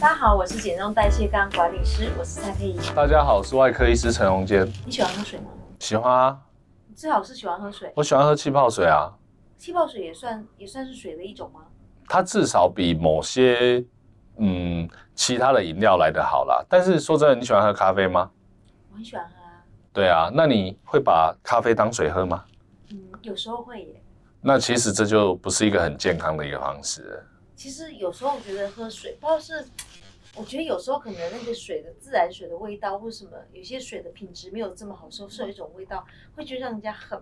大家好，我是減重代謝個管理師，我是蔡沛穎。大家好，我是外科醫師陳榮堅。你喜歡喝水嗎？喜歡啊，你最好是喜歡喝水。我喜歡喝氣泡水啊。氣泡水也算，也算是水的一種嗎？它至少比某些嗯其他的飲料來得好啦。但是說真的，你喜歡喝咖啡嗎？我很喜歡喝啊。對啊，那你會把咖啡當水喝嗎？嗯，有時候會耶。那其實這就不是一個很健康的一個方式。其實有時候我覺得喝水，不知道是，我覺得有時候可能那個水的自來水的味道，或什麼有些水的品質沒有這麼好受，說是有一種味道，會覺得讓人家很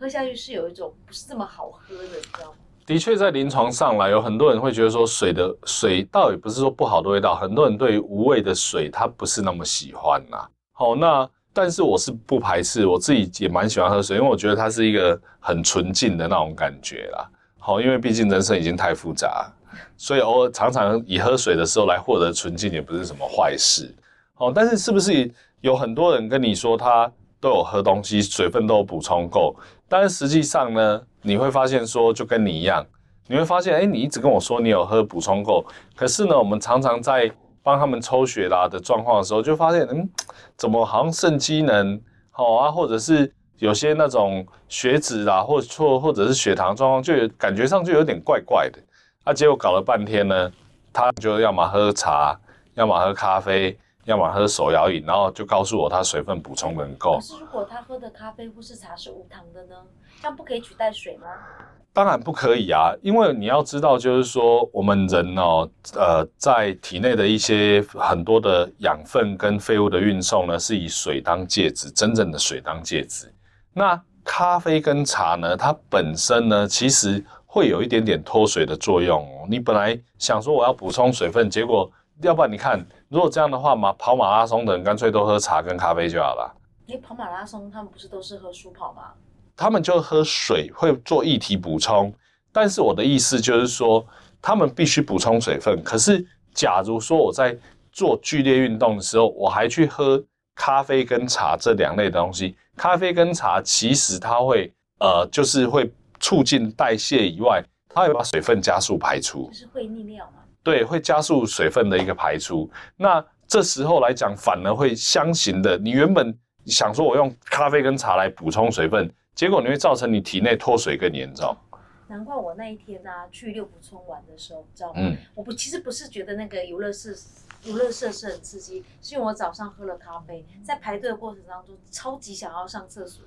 喝下去是有一種不是這麼好喝的，你知道嗎？的確，在臨床上來，有很多人會覺得說水的水倒也不是說不好的味道，很多人對於無味的水他不是那麼喜歡吶、啊。好、哦，那但是我是不排斥，我自己也蠻喜歡喝水，因為我覺得它是一個很純淨的那種感覺啦。好、哦，因為畢竟人生已經太複雜。所以偶爾常常以喝水的時候來獲得純淨，也不是什麼壞事，哦。但是是不是有很多人跟你說他都有喝東西，水分都有補充夠？但是實際上呢，你會發現說就跟你一樣，你會發現哎、欸，你一直跟我說你有喝補充夠，可是呢，我們常常在幫他們抽血啦的狀況的時候，就發現嗯，怎麼好像腎機能好、哦、啊，或者是有些那種血脂啦，或錯或者是血糖狀況，就感覺上就有點怪怪的。那、啊、結果搞了半天呢，他就要麼喝茶，要麼喝咖啡，要麼喝手搖飲，然後就告訴我他水分補充能夠。可是，如果他喝的咖啡或是茶是無糖的呢？他不可以取代水嗎？當然不可以啊，因為你要知道，就是說我們人哦，呃，在體內的一些很多的養分跟廢物的運送呢，是以水當介質，真正的水當介質。那咖啡跟茶呢，它本身呢，其實。會有一點點脫水的作用哦。你本來想說我要補充水分，結果要不然你看，如果這樣的話嘛，跑馬拉松的人乾脆都喝茶跟咖啡就好了。你跑馬拉松，他們不是都是喝舒跑嗎？他們就喝水，會做液體補充。但是我的意思就是說，他們必須補充水分。可是，假如說我在做劇烈運動的時候，我還去喝咖啡跟茶這兩類東西，咖啡跟茶其實它會呃，就是會。促進代謝以外，它會把水分加速排出，就是會利尿嘛。對，會加速水分的一個排出。那這時候來講，反而會相形的，你原本想說我用咖啡跟茶來補充水分，結果你會造成你體內脫水更嚴重。難怪我那一天呢、啊、去六福村玩的時候，你知道嗎？嗯、我不其實不是覺得那個遊樂室遊樂設施很刺激，是因為我早上喝了咖啡，在排隊的過程當中，超級想要上廁所。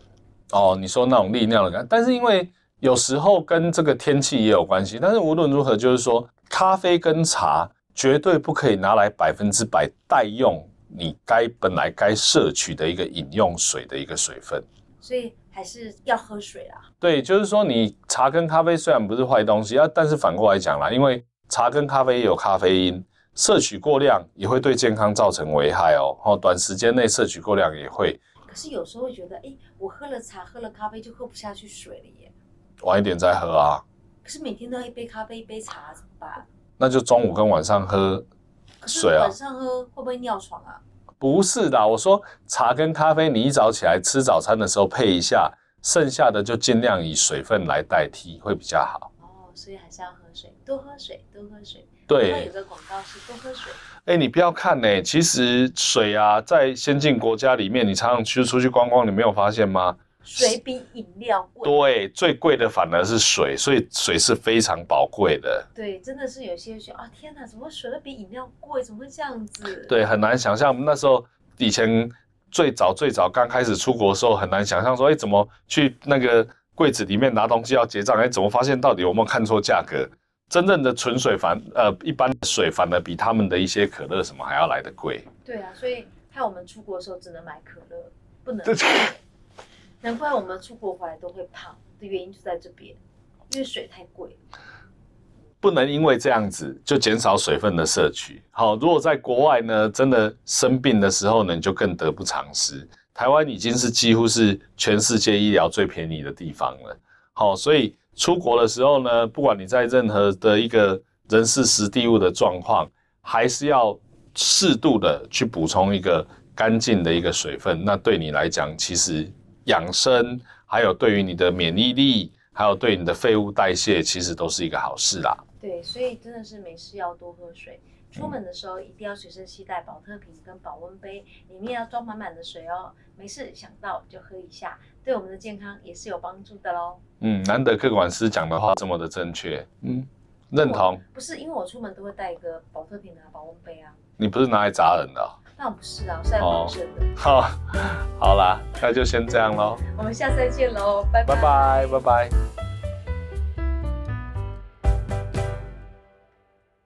哦，你說那種利尿的感覺，但是因為。有時候跟這個天氣也有關係，但是無論如何，就是說，咖啡跟茶絕對不可以拿來百分之百代用你該本來該攝取的一個飲用水的一個水分，所以還是要喝水啊。對，就是說，你茶跟咖啡雖然不是壞東西啊，但是反過來講啦，因為茶跟咖啡也有咖啡因，攝取過量也會對健康造成危害哦。然後、哦、短時間內攝取過量也會。可是有時候會覺得，哎，我喝了茶，喝了咖啡，就喝不下去水了耶。晚一點再喝啊，可是每天都要一杯咖啡，一杯茶怎麼辦？那就中午跟晚上喝水啊。晚上喝會不會尿床啊？不是的，我說茶跟咖啡，你一早起來吃早餐的時候配一下，剩下的就盡量以水分來代替，會比較好。哦，所以還是要喝水，多喝水，多喝水。對。有個廣告是多喝水。哎，你不要看呢，欸，其實水啊，在先進國家裡面，你常常去出去逛逛，你沒有發現嗎？水比飲料貴，對，最貴的反而是水，所以水是非常寶貴的。對，真的是有些人說啊，天哪，怎麼會水會比飲料貴？怎麼會這樣子？對，很難想象。我們那時候以前最早最早剛開始出國的時候，很難想象說，哎、欸，怎麼去那個櫃子裡面拿東西要結賬？哎、欸，怎麼發現到底有沒有看錯價格？真正的純水反呃，一般的水反而比他們的一些可樂什麼還要來得貴。對啊，所以害我們出國的時候只能買可樂，不能。 難怪我們出國回來都會胖的原因就在這邊，因為水太貴。不能因為這樣子就減少水分的攝取。好、哦，如果在國外呢，真的生病的時候呢，你就更得不償失。台灣已經是幾乎是全世界醫療最便宜的地方了。好、哦，所以出國的時候呢，不管你在任何的一個人事時地物的狀況，還是要適度的去補充一個乾淨的一個水分。那對你來講，其實。養生，還有對於你的免疫力，還有對你的廢物代謝，其實都是一個好事啦。對，所以真的是沒事要多喝水。出門的時候一定要隨身攜帶保特瓶跟保溫杯，裡面要裝滿滿的水哦。沒事想到就喝一下，對我們的健康也是有幫助的嘍。嗯，難得個管師講的話這麼的正確。嗯，認同。不是因為我出門都會帶一個保特瓶啊，保溫杯啊。你不是拿來砸人的哦？那我不是啊，我是養生的。好、哦哦，好啦，那就先這樣嘍。我們下次再見嘍，拜拜拜拜拜。拜拜